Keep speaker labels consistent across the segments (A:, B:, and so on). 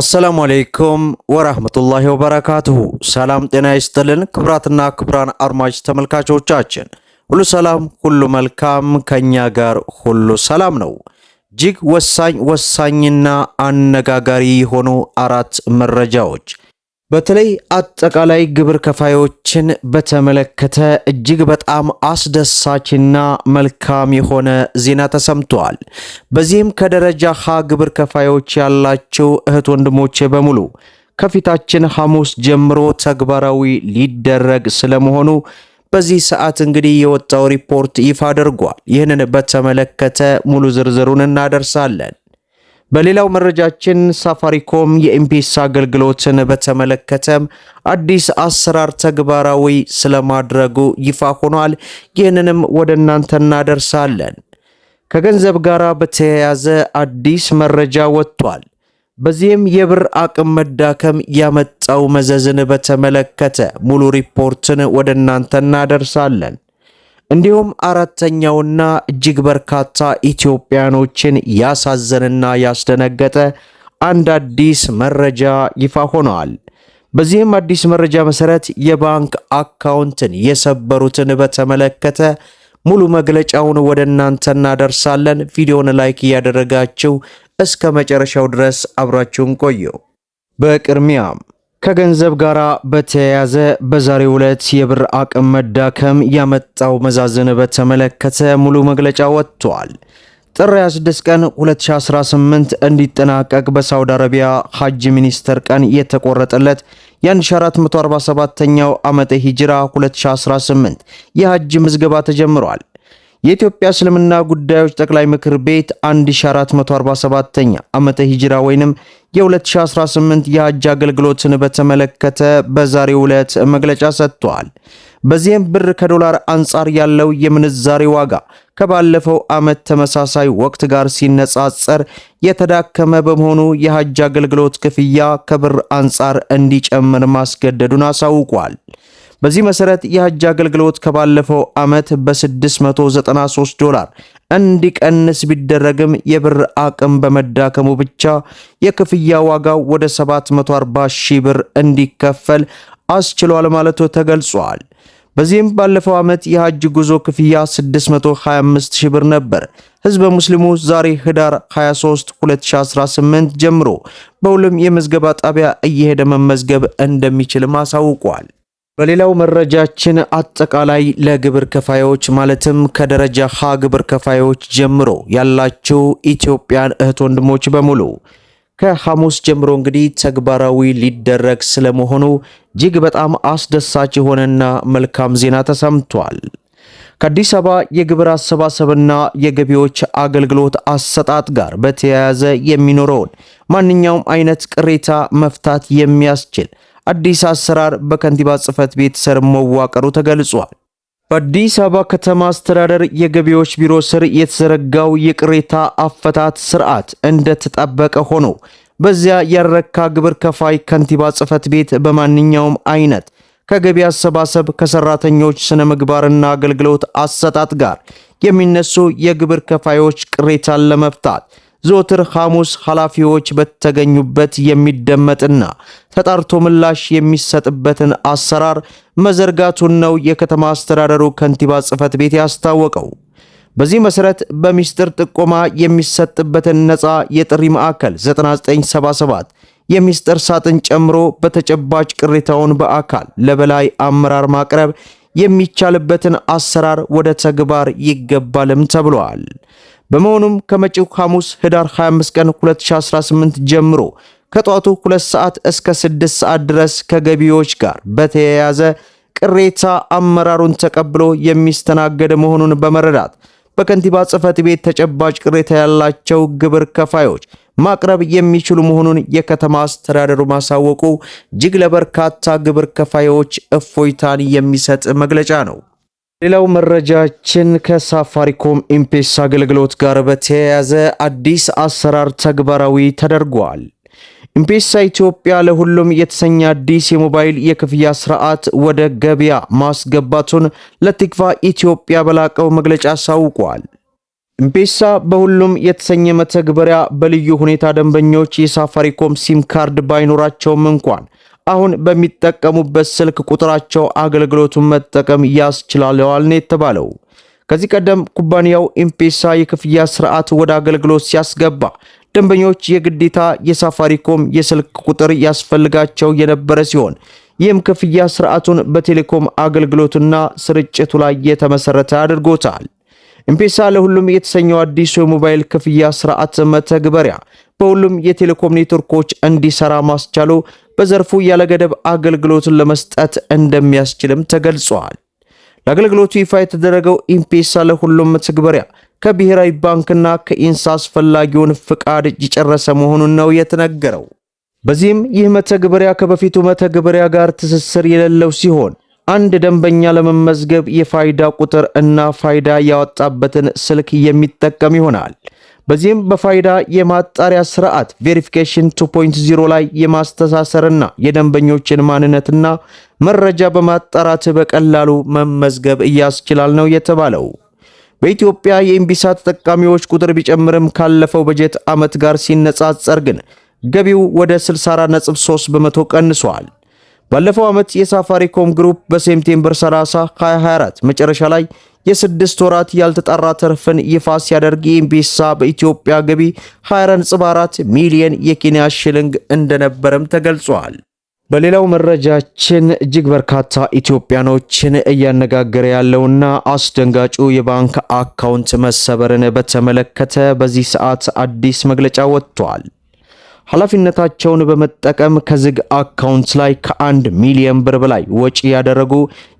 A: አሰላሙ አለይኩም ወራህመቱላሂ ወበረካቱሁ። ሰላም ጤና ይስጥልን። ክብራትና ክብራን አድማጭ ተመልካቾቻችን ሁሉ ሰላም፣ ሁሉ መልካም፣ ከኛ ጋር ሁሉ ሰላም ነው። እጅግ ወሳኝ ወሳኝና አነጋጋሪ የሆኑ አራት መረጃዎች በተለይ አጠቃላይ ግብር ከፋዮችን በተመለከተ እጅግ በጣም አስደሳችና መልካም የሆነ ዜና ተሰምተዋል። በዚህም ከደረጃ ሀ ግብር ከፋዮች ያላቸው እህት ወንድሞቼ በሙሉ ከፊታችን ሐሙስ ጀምሮ ተግባራዊ ሊደረግ ስለመሆኑ በዚህ ሰዓት እንግዲህ የወጣው ሪፖርት ይፋ አድርጓል። ይህንን በተመለከተ ሙሉ ዝርዝሩን እናደርሳለን። በሌላው መረጃችን ሳፋሪኮም የኤምፔሳ አገልግሎትን በተመለከተም አዲስ አሰራር ተግባራዊ ስለማድረጉ ይፋ ሆኗል። ይህንንም ወደ እናንተ እናደርሳለን። ከገንዘብ ጋር በተያያዘ አዲስ መረጃ ወጥቷል። በዚህም የብር አቅም መዳከም ያመጣው መዘዝን በተመለከተ ሙሉ ሪፖርትን ወደ እናንተ እናደርሳለን። እንዲሁም አራተኛውና እጅግ በርካታ ኢትዮጵያኖችን ያሳዘነና ያስደነገጠ አንድ አዲስ መረጃ ይፋ ሆነዋል። በዚህም አዲስ መረጃ መሰረት የባንክ አካውንትን የሰበሩትን በተመለከተ ሙሉ መግለጫውን ወደ እናንተ እናደርሳለን። ቪዲዮውን ላይክ እያደረጋችሁ እስከ መጨረሻው ድረስ አብራችሁን ቆዩ። በቅድሚያም ከገንዘብ ጋር በተያያዘ በዛሬው ዕለት የብር አቅም መዳከም ያመጣው መዛዝን በተመለከተ ሙሉ መግለጫ ወጥቷል። ጥር 26 ቀን 2018 እንዲጠናቀቅ በሳውዲ አረቢያ ሐጅ ሚኒስቴር ቀን የተቆረጠለት የ1447ኛው ዓመተ ሂጅራ 2018 የሐጅ ምዝገባ ተጀምሯል። የኢትዮጵያ እስልምና ጉዳዮች ጠቅላይ ምክር ቤት 1447ኛ ዓመተ ሂጅራ ወይንም የ2018 የሀጅ አገልግሎትን በተመለከተ በዛሬው ዕለት መግለጫ ሰጥቷል። በዚህም ብር ከዶላር አንጻር ያለው የምንዛሬ ዋጋ ከባለፈው ዓመት ተመሳሳይ ወቅት ጋር ሲነጻጸር የተዳከመ በመሆኑ የሀጅ አገልግሎት ክፍያ ከብር አንጻር እንዲጨምር ማስገደዱን አሳውቋል። በዚህ መሰረት የሀጅ አገልግሎት ከባለፈው ዓመት በ693 ዶላር እንዲቀንስ ቢደረግም የብር አቅም በመዳከሙ ብቻ የክፍያ ዋጋው ወደ 740 ሺህ ብር እንዲከፈል አስችሏል ማለቱ ተገልጿል። በዚህም ባለፈው ዓመት የሐጅ ጉዞ ክፍያ 625 ሺህ ብር ነበር። ህዝበ ሙስሊሙ ዛሬ ህዳር 23 2018 ጀምሮ በሁሉም የመዝገባ ጣቢያ እየሄደ መመዝገብ እንደሚችልም አሳውቋል። በሌላው መረጃችን አጠቃላይ ለግብር ከፋዮች ማለትም ከደረጃ ሀ ግብር ከፋዮች ጀምሮ ያላችሁ ኢትዮጵያን እህት ወንድሞች በሙሉ ከሐሙስ ጀምሮ እንግዲህ ተግባራዊ ሊደረግ ስለመሆኑ እጅግ በጣም አስደሳች የሆነና መልካም ዜና ተሰምቷል። ከአዲስ አበባ የግብር አሰባሰብና የገቢዎች አገልግሎት አሰጣጥ ጋር በተያያዘ የሚኖረውን ማንኛውም አይነት ቅሬታ መፍታት የሚያስችል አዲስ አሰራር በከንቲባ ጽህፈት ቤት ስር መዋቀሩ ተገልጿል። በአዲስ አበባ ከተማ አስተዳደር የገቢዎች ቢሮ ስር የተዘረጋው የቅሬታ አፈታት ስርዓት እንደተጠበቀ ሆኖ በዚያ ያረካ ግብር ከፋይ ከንቲባ ጽህፈት ቤት በማንኛውም አይነት ከገቢ አሰባሰብ ከሰራተኞች ስነ ምግባርና አገልግሎት አሰጣጥ ጋር የሚነሱ የግብር ከፋዮች ቅሬታን ለመፍታት ዘወትር ሐሙስ ኃላፊዎች በተገኙበት የሚደመጥና ተጣርቶ ምላሽ የሚሰጥበትን አሰራር መዘርጋቱን ነው የከተማ አስተዳደሩ ከንቲባ ጽፈት ቤት ያስታወቀው። በዚህ መሰረት በሚስጥር ጥቆማ የሚሰጥበትን ነፃ የጥሪ ማዕከል 9977 የሚስጥር ሳጥን ጨምሮ በተጨባጭ ቅሬታውን በአካል ለበላይ አመራር ማቅረብ የሚቻልበትን አሰራር ወደ ተግባር ይገባልም ተብሏል። በመሆኑም ከመጪው ሐሙስ ህዳር 25 ቀን 2018 ጀምሮ ከጧቱ 2 ሰዓት እስከ 6 ሰዓት ድረስ ከገቢዎች ጋር በተያያዘ ቅሬታ አመራሩን ተቀብሎ የሚስተናገድ መሆኑን በመረዳት በከንቲባ ጽህፈት ቤት ተጨባጭ ቅሬታ ያላቸው ግብር ከፋዮች ማቅረብ የሚችሉ መሆኑን የከተማ አስተዳደሩ ማሳወቁ እጅግ ለበርካታ ግብር ከፋዮች እፎይታን የሚሰጥ መግለጫ ነው። ሌላው መረጃችን ከሳፋሪኮም ኢምፔሳ አገልግሎት ጋር በተያያዘ አዲስ አሰራር ተግባራዊ ተደርጓል። ኢምፔሳ ኢትዮጵያ ለሁሉም የተሰኘ አዲስ የሞባይል የክፍያ ስርዓት ወደ ገበያ ማስገባቱን ለቲክቫ ኢትዮጵያ በላቀው መግለጫ አሳውቋል። ኢምፔሳ በሁሉም የተሰኘ መተግበሪያ በልዩ ሁኔታ ደንበኞች የሳፋሪኮም ሲም ካርድ ባይኖራቸውም እንኳን አሁን በሚጠቀሙበት ስልክ ቁጥራቸው አገልግሎቱን መጠቀም ያስችላል ነው የተባለው። ከዚህ ቀደም ኩባንያው ኢምፔሳ የክፍያ ስርዓት ወደ አገልግሎት ሲያስገባ ደንበኞች የግዴታ የሳፋሪኮም የስልክ ቁጥር ያስፈልጋቸው የነበረ ሲሆን ይህም ክፍያ ስርዓቱን በቴሌኮም አገልግሎትና ስርጭቱ ላይ የተመሰረተ አድርጎታል። ኢምፔሳ ለሁሉም የተሰኘው አዲሱ የሞባይል ክፍያ ስርዓት መተግበሪያ በሁሉም የቴሌኮም ኔትወርኮች እንዲሰራ ማስቻሉ በዘርፉ ያለገደብ አገልግሎትን ለመስጠት እንደሚያስችልም ተገልጿል። ለአገልግሎቱ ይፋ የተደረገው ኢምፔሳ ለሁሉም መተግበሪያ ከብሔራዊ ባንክና ከኢንሳ አስፈላጊውን ፍቃድ የጨረሰ መሆኑን ነው የተነገረው። በዚህም ይህ መተግበሪያ ከበፊቱ መተግበሪያ ጋር ትስስር የሌለው ሲሆን አንድ ደንበኛ ለመመዝገብ የፋይዳ ቁጥር እና ፋይዳ ያወጣበትን ስልክ የሚጠቀም ይሆናል። በዚህም በፋይዳ የማጣሪያ ስርዓት ቬሪፊኬሽን 2.0 ላይ የማስተሳሰርና የደንበኞችን ማንነትና መረጃ በማጣራት በቀላሉ መመዝገብ እያስችላል ነው የተባለው። በኢትዮጵያ የኢምቢሳ ተጠቃሚዎች ቁጥር ቢጨምርም ካለፈው በጀት ዓመት ጋር ሲነጻጸር ግን ገቢው ወደ 64.3 በመቶ ቀንሷል። ባለፈው ዓመት የሳፋሪኮም ግሩፕ በሴፕቴምበር 30 2024 መጨረሻ ላይ የስድስት ወራት ያልተጣራ ትርፍን ይፋ ሲያደርግ ኢምቤሳ በኢትዮጵያ ገቢ 24 ሚሊዮን የኬንያ ሽልንግ እንደነበረም ተገልጿል። በሌላው መረጃችን እጅግ በርካታ ኢትዮጵያኖችን እያነጋገረ ያለውና አስደንጋጩ የባንክ አካውንት መሰበርን በተመለከተ በዚህ ሰዓት አዲስ መግለጫ ወጥቷል። ኃላፊነታቸውን በመጠቀም ከዝግ አካውንት ላይ ከአንድ ሚሊዮን ብር በላይ ወጪ ያደረጉ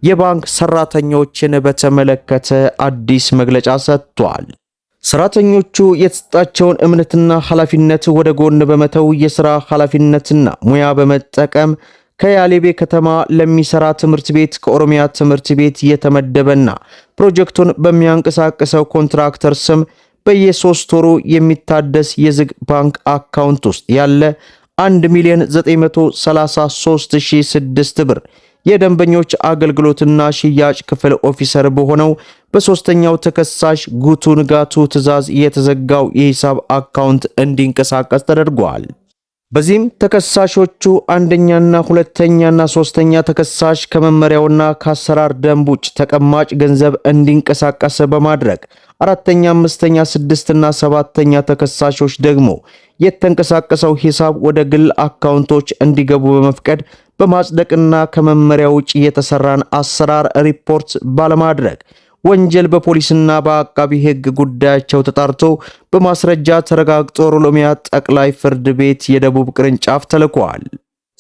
A: የባንክ ሰራተኞችን በተመለከተ አዲስ መግለጫ ሰጥቷል። ሰራተኞቹ የተሰጣቸውን እምነትና ኃላፊነት ወደ ጎን በመተው የሥራ ኃላፊነትና ሙያ በመጠቀም ከያሌቤ ከተማ ለሚሰራ ትምህርት ቤት ከኦሮሚያ ትምህርት ቤት የተመደበና ፕሮጀክቱን በሚያንቀሳቅሰው ኮንትራክተር ስም በየሶስት ወሩ የሚታደስ የዝግ ባንክ አካውንት ውስጥ ያለ 1 ሚሊዮን 933006 ብር የደንበኞች አገልግሎትና ሽያጭ ክፍል ኦፊሰር በሆነው በሶስተኛው ተከሳሽ ጉቱ ንጋቱ ትዕዛዝ የተዘጋው የሂሳብ አካውንት እንዲንቀሳቀስ ተደርጓል። በዚህም ተከሳሾቹ አንደኛና ሁለተኛና ሶስተኛ ተከሳሽ ከመመሪያውና ከአሰራር ደንብ ውጭ ተቀማጭ ገንዘብ እንዲንቀሳቀስ በማድረግ አራተኛ፣ አምስተኛ፣ ስድስትና ሰባተኛ ተከሳሾች ደግሞ የተንቀሳቀሰው ሂሳብ ወደ ግል አካውንቶች እንዲገቡ በመፍቀድ በማጽደቅና ከመመሪያ ውጭ የተሰራን አሰራር ሪፖርት ባለማድረግ ወንጀል በፖሊስና በአቃቢ ሕግ ጉዳያቸው ተጣርቶ በማስረጃ ተረጋግጦ ኦሮሚያ ጠቅላይ ፍርድ ቤት የደቡብ ቅርንጫፍ ተልኳል።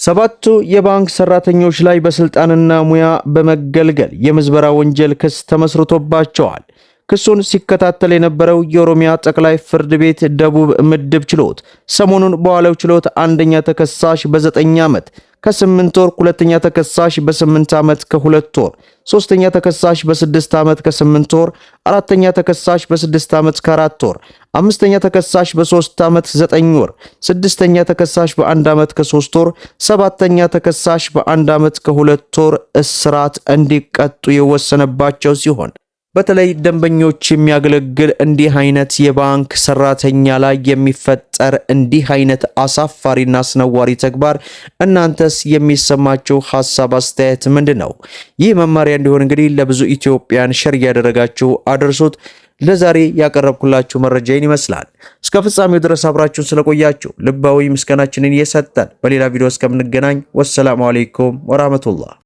A: ሰባቱ የባንክ ሰራተኞች ላይ በስልጣንና ሙያ በመገልገል የምዝበራ ወንጀል ክስ ተመስርቶባቸዋል። ክሱን ሲከታተል የነበረው የኦሮሚያ ጠቅላይ ፍርድ ቤት ደቡብ ምድብ ችሎት ሰሞኑን በዋለው ችሎት አንደኛ ተከሳሽ በዘጠኝ ዓመት ከ8 ወር፣ ሁለተኛ ተከሳሽ በ8 ዓመት ከ2 ወር፣ ሶስተኛ ተከሳሽ በ6 ዓመት ከ8 ወር፣ አራተኛ ተከሳሽ በ6 ዓመት ከ4 ወር፣ አምስተኛ ተከሳሽ በ3 ዓመት 9 ወር፣ ስድስተኛ ተከሳሽ በ1 ዓመት ከ3 ወር፣ ሰባተኛ ተከሳሽ በ1 ዓመት ከ2 ወር እስራት እንዲቀጡ የወሰነባቸው ሲሆን በተለይ ደንበኞች የሚያገለግል እንዲህ አይነት የባንክ ሰራተኛ ላይ የሚፈጠር እንዲህ አይነት አሳፋሪና አስነዋሪ ተግባር እናንተስ የሚሰማችሁ ሀሳብ አስተያየት ምንድን ነው? ይህ መማሪያ እንዲሆን እንግዲህ ለብዙ ኢትዮጵያን ሸር እያደረጋችሁ አድርሱት። ለዛሬ ያቀረብኩላችሁ መረጃ ይህን ይመስላል። እስከ ፍጻሜው ድረስ አብራችሁን ስለቆያችሁ ልባዊ ምስጋናችንን እየሰጠን በሌላ ቪዲዮ እስከምንገናኝ ወሰላሙ አሌይኩም ወራህመቱላህ